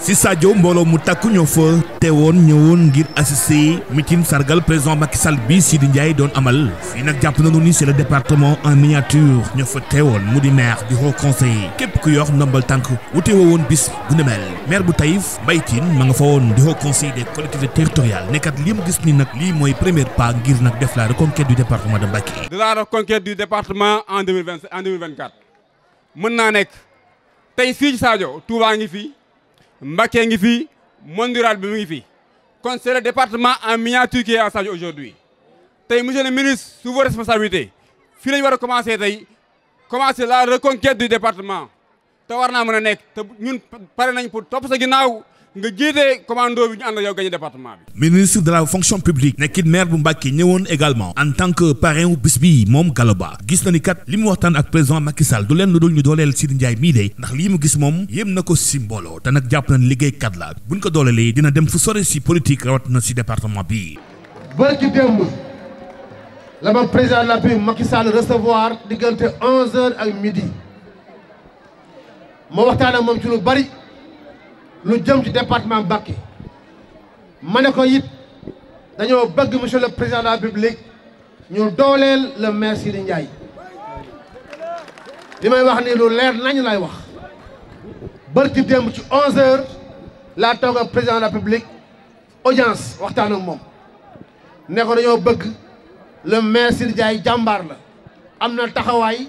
si Sadio mbooloo mu takku ñoo fa teewoon ñëwoon ngir assister meeting sargal président Macky Sall bi Sidi Ndiaye doon amal fii nag jàpp nañu ni c'est le département en miniature ñoo fa teewoon mu di maire du haut conseil képp ku yor ndombal tànk wute woo bis bu ne mel bu Taïf Mbaye ma nga fa woon du haut conseil des collectivités territoriales nekkat li mu gis ni nag lii mooy premier pas ngir nag def la reconquête du département de Mbacké. du département en deux mille Mbacké ngi fi monde bi mu ngi fi kon c'est le département en miniature qui est en charge aujourd'hui tey monsieur le ministre sous vos responsabilités fii la ñu war a commencer tey commencer la reconquête du département te war naa mën a nekk te ñun pare nañ pour topp sa ginnaaw nga jiite commando bi ñu ànd ak yow gagné ministre de la fonction publique nekkit maire bu Mbàkke ñëwoon également en tant que parrain wu bis bi moom Gallo gis na ni kat li mu waxtaan ak président Macky du leen lu dul ñu dooleel Sidi Ndiaye mii de ndax lii mu gis moom yéem na ko si mbooloo te nag jàpp na liggéeykat la buñ ko doolelee dina dem fu sore si politique rawat na si département bi. bërki démb la ma président de la République Macky Sall recevoir diggante 11h ak midi ma waxtaan moom lu jëm ci département Mbacké ma ne ko it dañoo bëgg monsieur le président de la République ñu dooleel le maire Sidi Ndiaye li may wax ni lu leer nañu lay wax bërki démb ci 11h laa toog ak président la République audience waxtaan ak moom ne ko dañoo bëgg le maire Sidi Ndiaye jàmbaar la am na taxawaay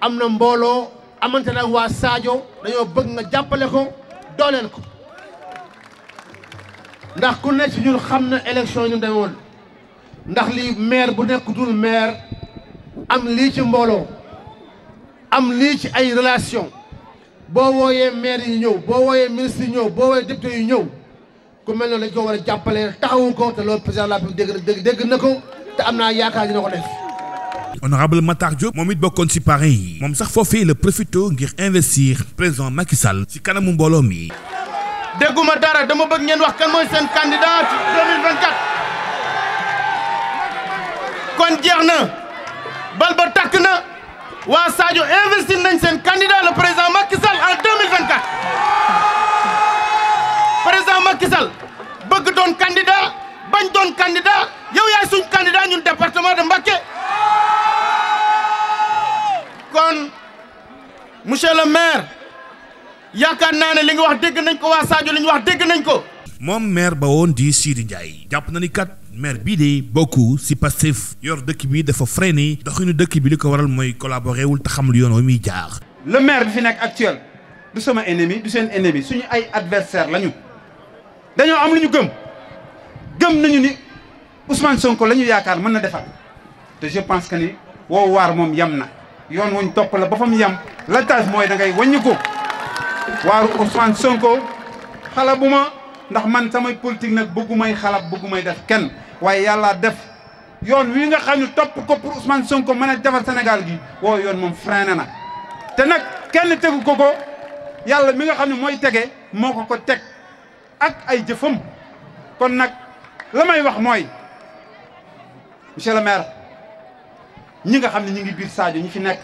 am na mbooloo amante nag waa Sadio dañoo bëgg nga jàppale ko dooleel ko ndax ku ne ci ñun xam na élection yi ñu demoon ndax lii maire bu nekk dul maire am lii ci mbooloo am lii ci ay relation boo wooyee maire yi ñëw boo wooyee ministre yi ñëw boo wooyee député yi ñëw ku mel noonu dañ ko war a jàppale taxawu ko te loolu président de la dégg dégg na ko te am naa yaakaar dina ko def. honorable Matar Diop moom it bokkoon ci parrain yi moom sax foofu foofee la profito ngir investir président Macky Sall ci kanamu mbooloo mi. dégguma dara dama bëgg ngeen wax kan mooy seen candidat ci 2024 kon jeex na bal takk na waa Sadio investir nañ seen candidat la président Macky Sall en 2024 président Macky Sall bëgg doon candidat bañ doon candidat yow yaay suñ candidat ñun département de Mbacké kon monsieur le maire yaakaar naa ne li nga wax dégg nañ ko waa Sadio li ñu wax dégg nañ ko. moom maire ba woon di Sidi Ndiaye jàpp na ni kat maire bii de bokku si Pastef yor dëkk bi dafa freiné nu dëkk bi li ko waral mooy collaboré wul te xamul yoon wi muy jaar. le maire bi fi nekk actuel du sama ennemi du seen ennemi suñu ay adversaire lañu dañoo am lu ñu gëm gëm nañu ni Ousmane Sonko la ñu yaakaar mën na defar te je pense que ni woo waar moom yem na yoon wuñ topp la ba fa mu yem mooy da ngay wàññi ko waaru Ousmane Sonko xalabu ma ndax man sama politique nag bëggu may xalab bëggu may def kenn waaye yàlla def yoon wi nga xam ne topp ko pour Ousmane Sonko mën a defar senegal gi woo yoon moom freiné na te nag kenn tegu ko ko yàlla mi nga xam ne mooy tege moo ko ko teg ak ay jëfam kon nag la may wax mooy monsieur le maire ñi nga xam ne ñi ngi biir Sadio ñi fi nekk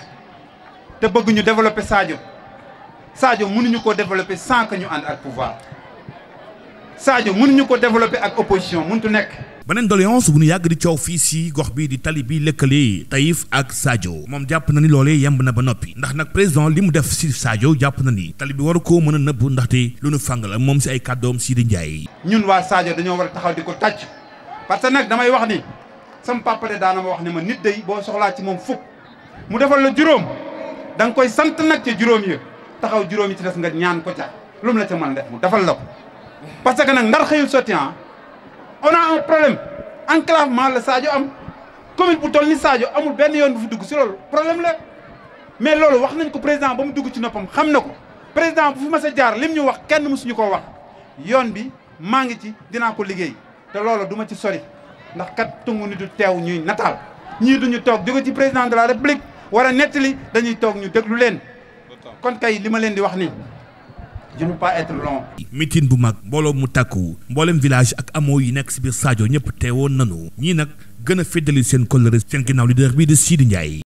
te bëgguñu ñu développer Sadio mënuñu ko développer sans que ñu ànd ak pouvoir Sadio mënuñu ko développer ak opposition mëntu nekk. beneen doléance bu ñu yàgg di coow fii si gox bi di tali bi lëkkale Taïf ak Sadio moom jàpp na ni loolee yemb na ba noppi ndax nag président li mu def si Sadio jàpp na ni tali bi waru ko mën a nëbb ndaxte lu nu fàng la moom si ay kàddoom si di njaay. ñun waa Sadio dañoo war a taxaw di ko tàcc parce que nag damay wax ni sama papa de daana wax ne ma nit day boo soxlaa ci moom fukk mu defal la juróom da nga koy sant nag juróom taxaw juróomi ci des nga ñaan ko ca lu mu la ca mën def mu defal la ko parce que nag ndar xëyul sotti ah on a un problème enclavement la saajo am commune bu toll ni saajo amul benn yoon bu fi dugg si loolu problème la mais loolu wax nañ ko président ba mu dugg ci noppam xam na ko président bu fi mas a jaar lim ñu wax kenn mësuñu koo wax yoon bi maa ngi ci dinaa ko liggéey te loolo duma ci sori ndax kat tungu ni du teew ñuy nataal ñii duñu toog jóge ci président de la république war a nettali dañuy toog ñu déglu leen kon tey li ma leen di wax ni je bu mag mbooloo mu tàkku mboolem village ak amoo yi nekk si biir Sadio ñëpp teewoon nanu ñii nag gën a féddali seen kóllëre seen ginnaaw leader bii di Sidi Ndiaye.